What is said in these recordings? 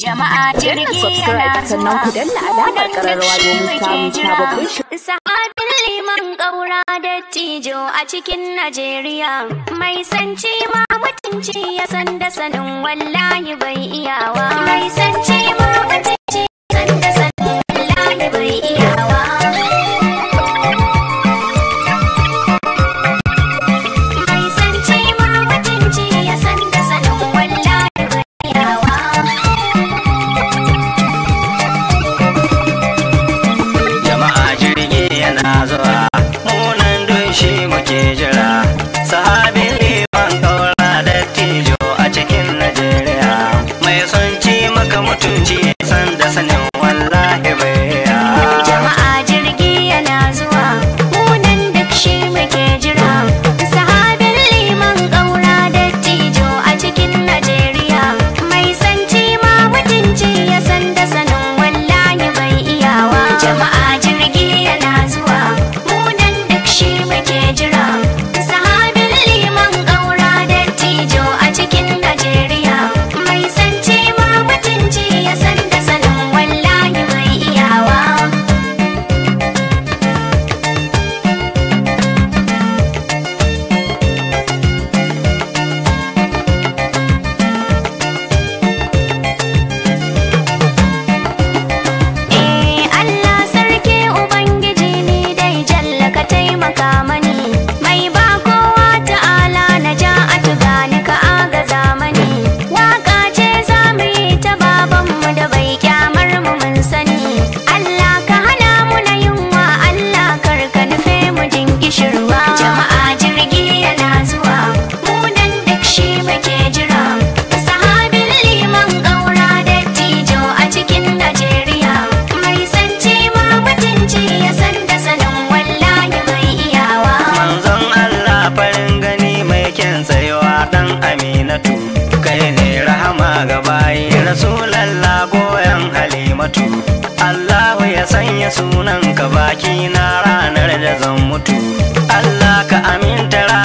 Jama'a jirgi subscribe sannan ku danna alamar kararrawa domin liman ƙaura da tijo a cikin Najeriya. Mai sanci ma mutunci ya san da sanin wallahi bai iyawa. Mai sanci Kabaki baki na ranar da zan mutu Allah ka aminta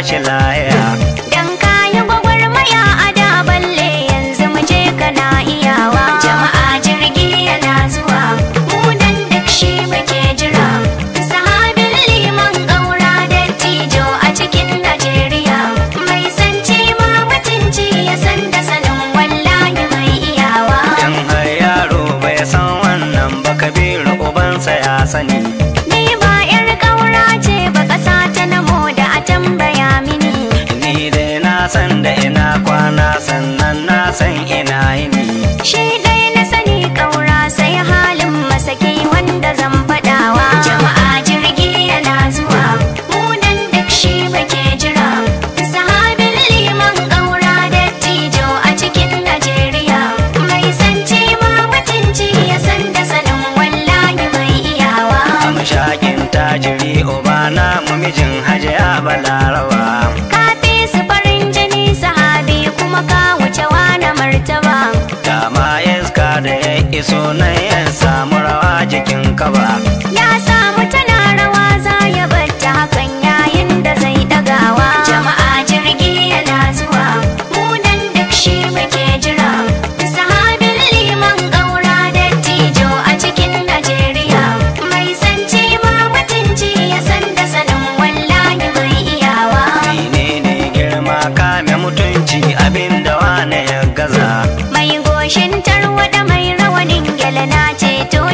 tashi lahiya san da ina kwana sannan na san ina so na ya samu jikin kaba.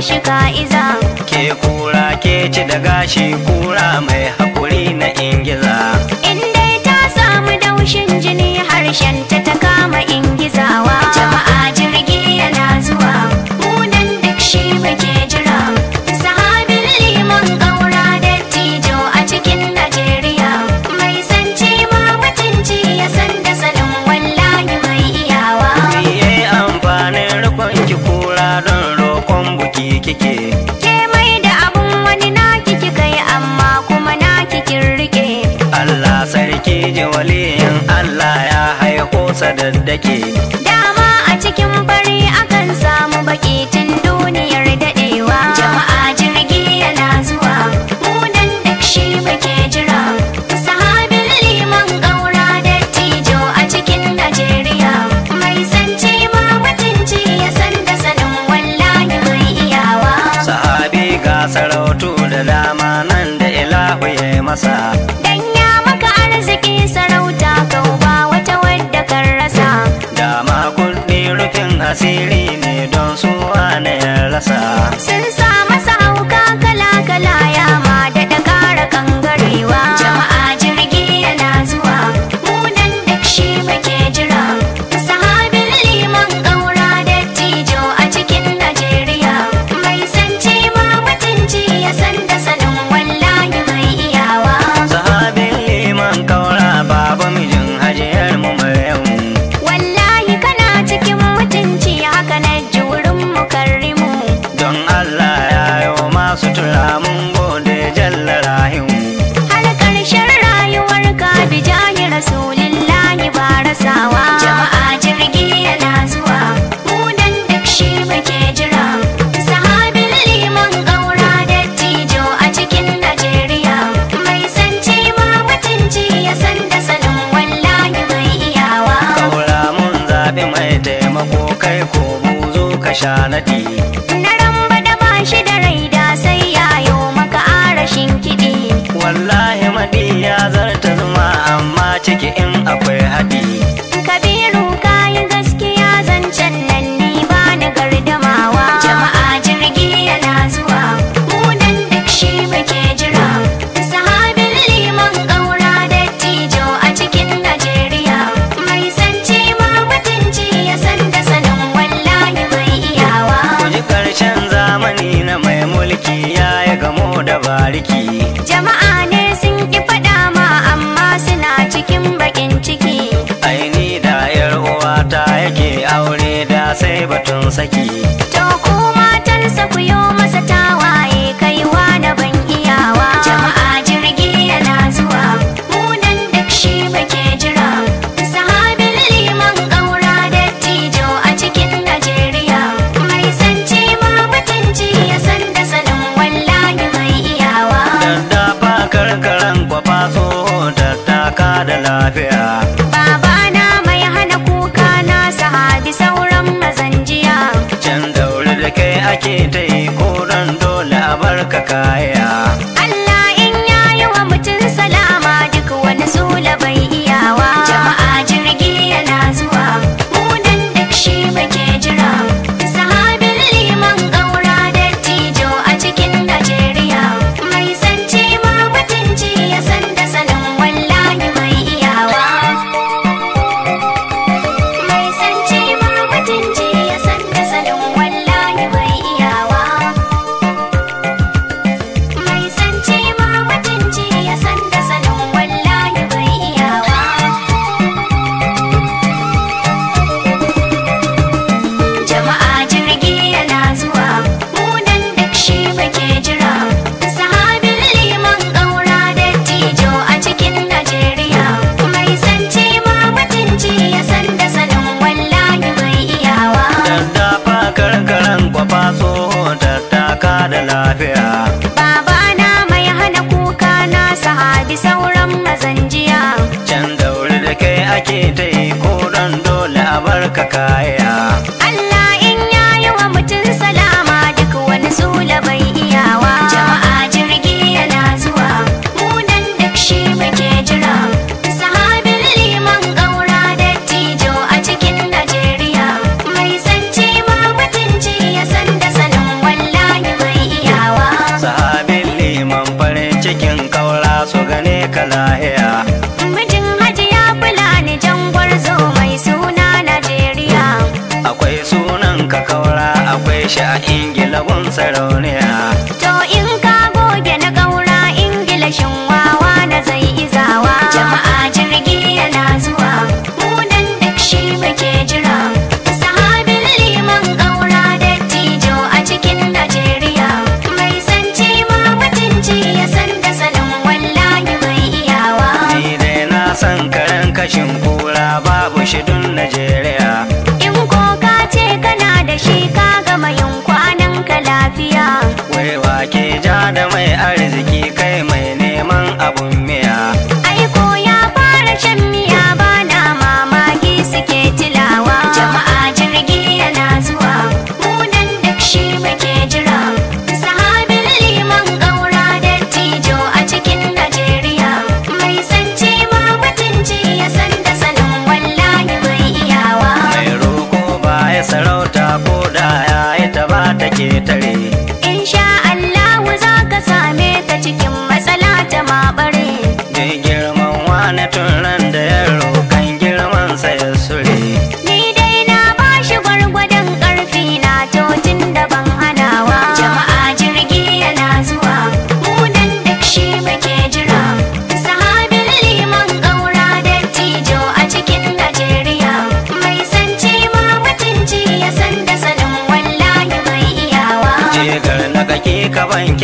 shika ka'iza ke kura ke ci daga gashi kura mai haƙuri kike ke mai da abun wani na kike kai amma kuma na kikin rike Allah sarki jawali Allah ya haiko sadaddake soñado. saki to ku matansa ku yo masa tawaye kaiwa da ban iyawa jama'a jirgi yana zuwa mu nan duk shi muke jira sahabin liman ƙaura dattijo a cikin najeriya mai sanci ma mutunci ya san da sanin wallahi mai iyawa daddafa karkaran kwafa so tattaka da lafiya kaya arziki kai mai neman abun miya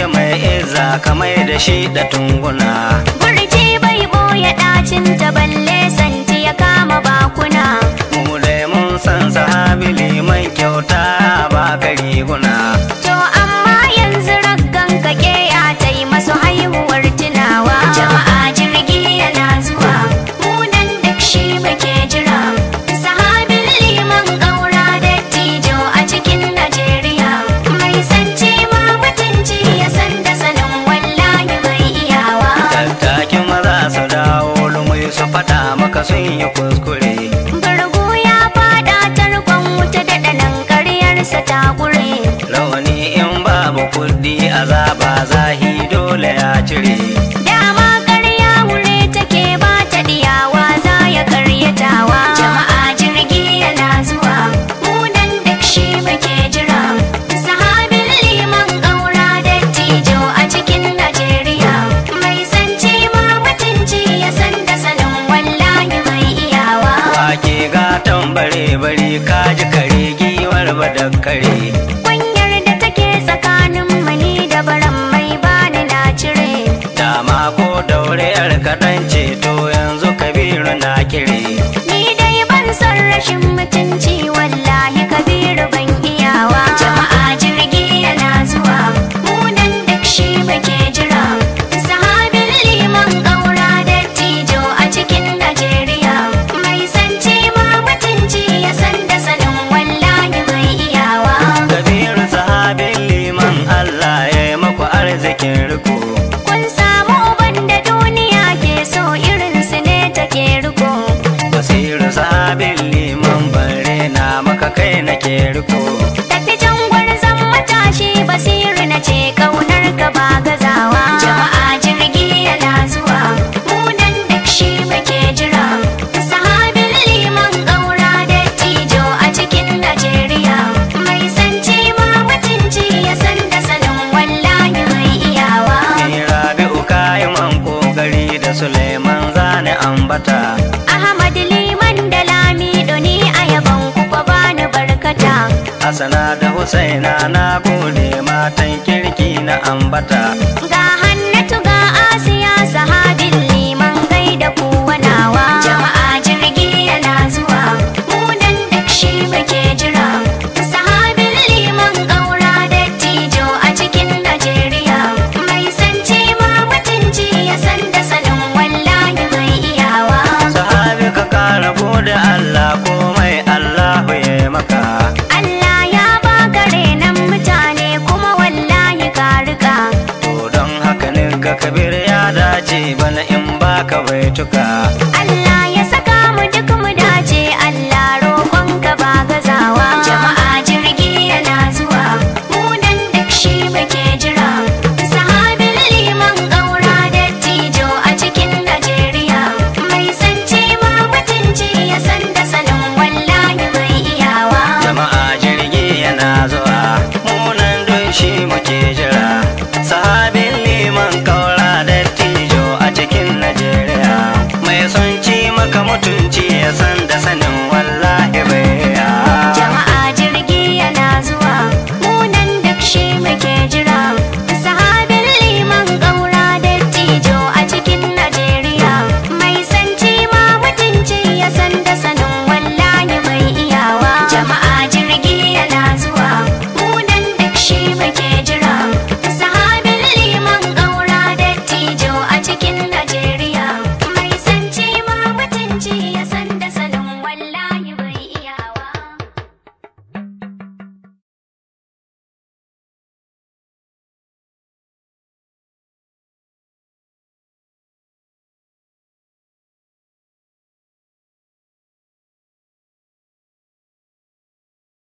yake mai iza kamar da shi da tunguna burji bai boye ɗacin ta balle santi ya kama bakuna mu dai mun san sahabili man kyauta mata sun yi kuskure bargo ya fada tarkon wuta da ɗanan karyarsa ta kure rawani in ba babu kuɗi zaɓa zahi dole ya cire ambata ji bana in baka baituka